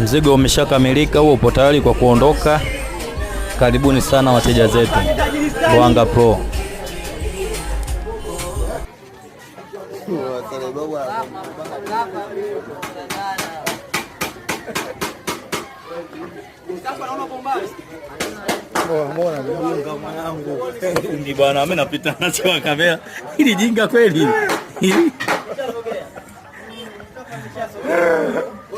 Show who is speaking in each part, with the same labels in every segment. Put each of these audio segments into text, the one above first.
Speaker 1: Mzigo umeshakamilika huo, upo tayari kwa kuondoka. Karibuni sana wateja zetu Ruanga Pro.
Speaker 2: Ndi bwana, mimi napita kamera jinga kweli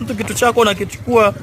Speaker 2: Mtu kitu chako nakichukua